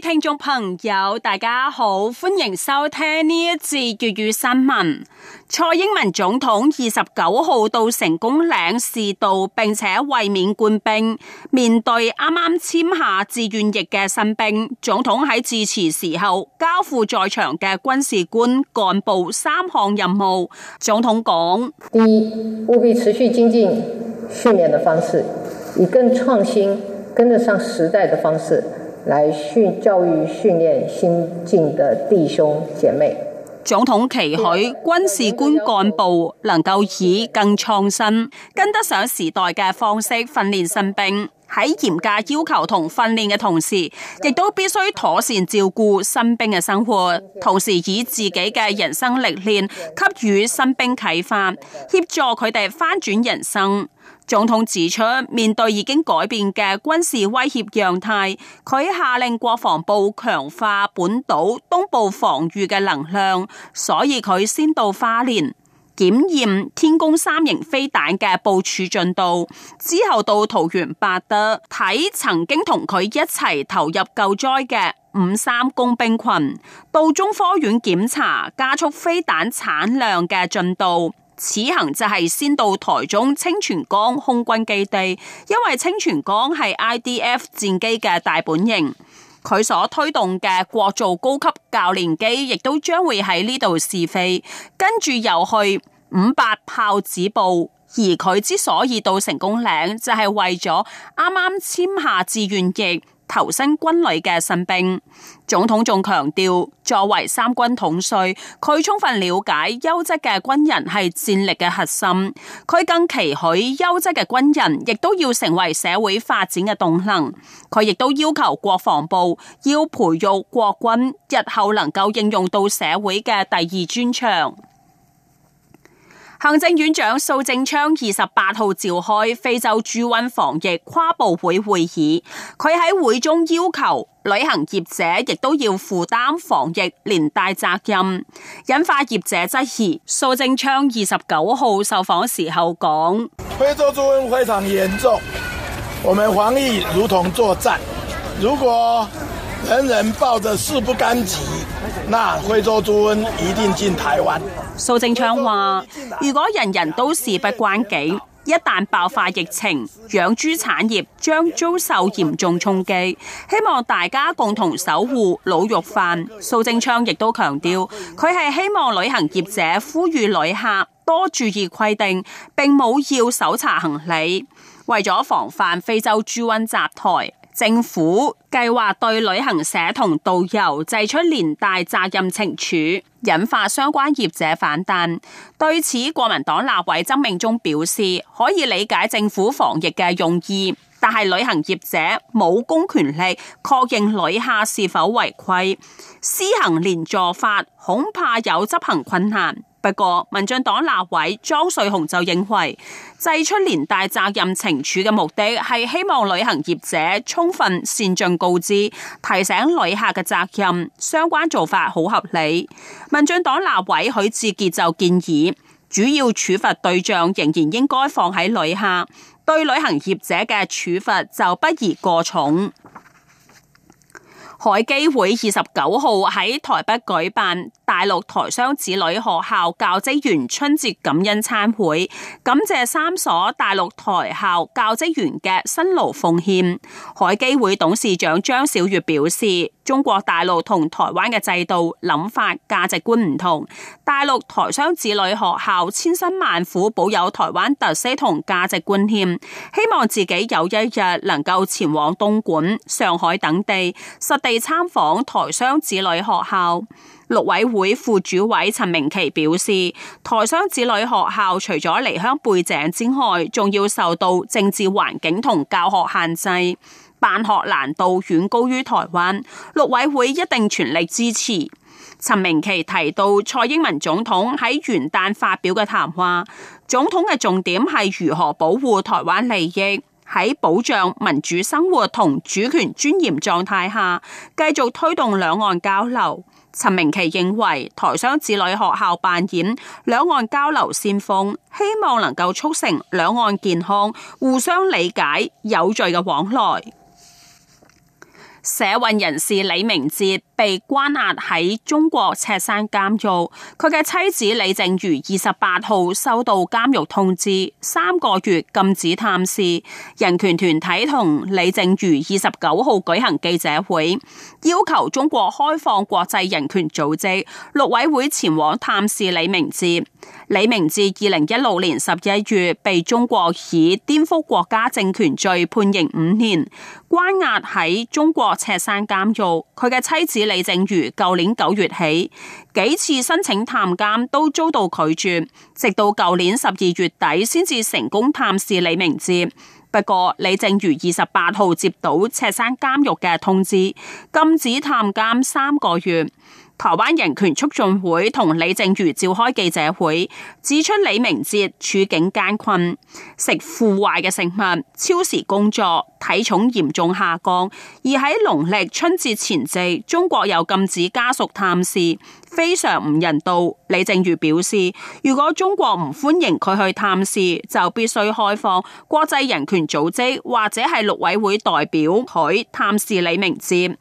聽眾朋友，大家好，歡迎收聽呢一節粵語新聞。蔡英文總統二十九號到成功嶺視導，並且慰勉官兵面對啱啱簽下志願役嘅新兵，總統喺致辭時候交付在場嘅軍士官幹部三項任務。總統講：第一，務必持續精進訓練嘅方式，以更創新、跟得上時代嘅方式。來教育訓練新進的弟兄姐妹。總統期許軍事官幹部能夠以更創新、跟得上時代嘅方式訓練新兵。喺嚴格要求同訓練嘅同時，亦都必須妥善照顧新兵嘅生活，同時以自己嘅人生歷練給予新兵啟發，協助佢哋翻轉人生。總統指出，面對已經改變嘅軍事威脅樣態，佢下令國防部強化本島東部防禦嘅能量，所以佢先到花蓮檢驗天弓三型飛彈嘅部署進度，之後到桃園八德睇曾經同佢一齊投入救災嘅五三工兵群，到中科院檢查加速飛彈產量嘅進度。此行就係先到台中清泉崗空軍基地，因為清泉崗係 IDF 戰機嘅大本營，佢所推動嘅國造高級教練機，亦都將會喺呢度試飛。跟住又去五八炮指部，而佢之所以到成功嶺，就係為咗啱啱簽下志願役。投身軍旅嘅新兵，總統仲強調，作為三軍統帥，佢充分了解優質嘅軍人係戰力嘅核心。佢更期許優質嘅軍人亦都要成為社會發展嘅動能。佢亦都要求國防部要培育國軍日後能夠應用到社會嘅第二專長。行政院長蘇貞昌二十八號召開非洲豬瘟防疫跨部會會議，佢喺會中要求旅行業者亦都要負擔防疫連帶責任，引發業者質疑。蘇貞昌二十九號受訪時候講：非洲豬瘟非常嚴重，我們防疫如同作戰，如果人人抱着事不關己。嗱，非洲豬瘟一定進台灣。蘇貞昌話：如果人人都事不關己，一旦爆發疫情，養豬產業將遭受嚴重衝擊。希望大家共同守護老肉飯。蘇貞昌亦都強調，佢係希望旅行業者呼籲旅客多注意規定，並冇要搜查行李，為咗防範非洲豬瘟襲台。政府計劃對旅行社同導遊祭出連帶責任懲處，引發相關業者反彈。對此，國民黨立委曾銘中表示，可以理解政府防疫嘅用意，但係旅行業者冇公權力確認旅客是否違規，施行連坐法恐怕有執行困難。不過，民進黨立委莊瑞雄就認為，祭出連帶責任懲處嘅目的係希望旅行業者充分善盡告知，提醒旅客嘅責任，相關做法好合理。民進黨立委許智傑就建議，主要處罰對象仍然應該放喺旅客，對旅行業者嘅處罰就不宜過重。海基會二十九號喺台北舉辦。大陸台商子女學校教職員春節感恩餐會，感謝三所大陸台校教職員嘅辛勞奉獻。海基會董事長張小月表示，中國大陸同台灣嘅制度、諗法、價值觀唔同，大陸台商子女學校千辛萬苦保有台灣特色同價值觀念，希望自己有一日能夠前往東莞、上海等地實地參訪台商子女學校。陸委會副主委陳明奇表示，台商子女學校除咗離鄉背井之外，仲要受到政治環境同教學限制，辦學難度遠高於台灣。陸委會一定全力支持。陳明奇提到，蔡英文總統喺元旦發表嘅談話，總統嘅重點係如何保護台灣利益，喺保障民主生活同主權尊嚴狀態下，繼續推動兩岸交流。陳明奇認為，台商子女學校扮演兩岸交流先鋒，希望能夠促成兩岸健康、互相理解、有序嘅往來。社運人士李明哲。被關押喺中國赤山監獄，佢嘅妻子李凈瑜二十八號收到監獄通知，三個月禁止探視。人權團體同李凈瑜二十九號舉行記者會，要求中國開放國際人權組織陸委會前往探視李明哲。李明哲二零一六年十一月被中國以顛覆國家政權罪判刑五年，關押喺中國赤山監獄，佢嘅妻子。李凈瑜舊年九月起幾次申請探監都遭到拒絕，直到舊年十二月底先至成功探視李明哲。不過李凈瑜二十八號接到赤山監獄嘅通知，禁止探監三個月。台灣人權促進會同李凈瑜召開記者會，指出李明哲處境艱困，食腐壞嘅食物，超時工作，體重嚴重下降，而喺農曆春節前夕，中國又禁止家屬探視，非常唔人道。李凈瑜表示，如果中國唔歡迎佢去探視，就必須開放國際人權組織或者係陸委會代表佢探視李明哲。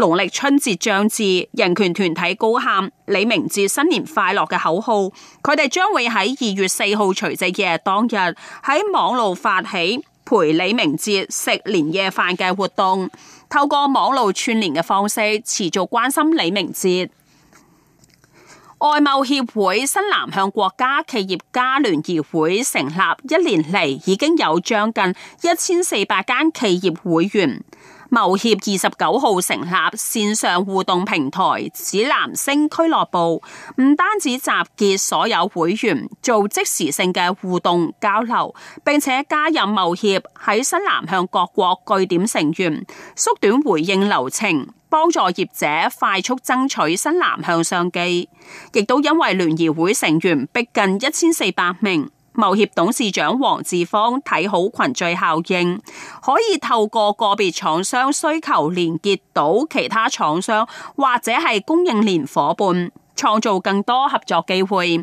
農曆春節將至，人權團體高喊李明哲新年快樂嘅口號。佢哋將會喺二月四號除夕夜當日喺網路發起陪李明哲食年夜飯嘅活動，透過網路串聯嘅方式持續關心李明哲。外貿協會新南向國家企業家聯誼會成立一年嚟，已經有將近一千四百間企業會員。貿協二十九號成立線上互動平台——指南星俱樂部，唔單止集結所有會員做即時性嘅互動交流，並且加入貿協喺新南向各國據點成員，縮短回應流程，幫助業者快速爭取新南向商機。亦都因為聯誼會成員逼近一千四百名。貿協董事長黃志芳睇好群聚效應，可以透過個別廠商需求連結到其他廠商或者係供應鏈伙伴，創造更多合作機會。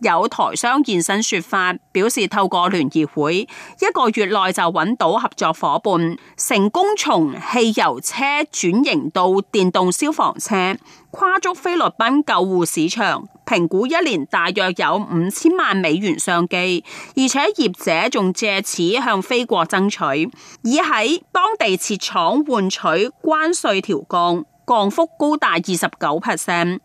有台商現身說法，表示透過聯誼會，一個月內就揾到合作伙伴，成功從汽油車轉型到電動消防車，跨足菲律賓救護市場。評估一年大約有五千萬美元商機，而且業者仲借此向菲國爭取，以喺當地設廠換取關稅調降。降幅高達二十九 percent。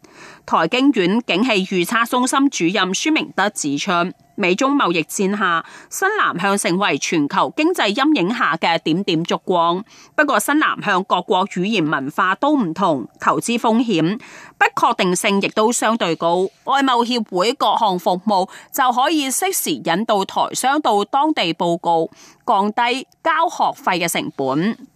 台經院景氣預測中心主任孫明德指出，美中貿易戰下，新南向成為全球經濟陰影下嘅點點燭光。不過，新南向各國語言文化都唔同，投資風險不確定性亦都相對高。外貿協會各項服務就可以適時引導台商到當地報告，降低交學費嘅成本。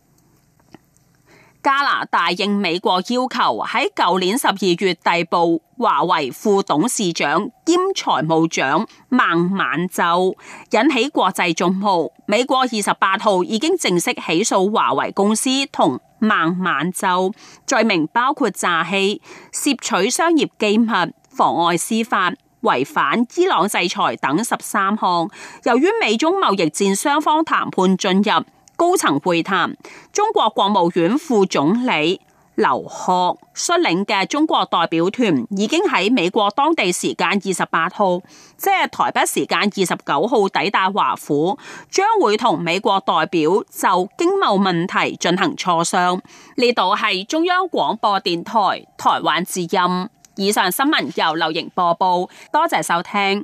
加拿大應美國要求喺舊年十二月逮捕華為副董事長兼財務長孟晚舟，引起國際眾怒。美國二十八號已經正式起訴華為公司同孟晚舟，罪名包括詐欺、竊取商業機密、妨礙司法、違反伊朗制裁等十三項。由於美中貿易戰雙方談判進入。高層會談，中國國務院副總理劉鶴率領嘅中國代表團已經喺美國當地時間二十八號，即係台北時間二十九號抵達華府，將會同美國代表就經貿問題進行磋商。呢度係中央廣播電台台灣之音，以上新聞由劉瑩播報，多謝收聽。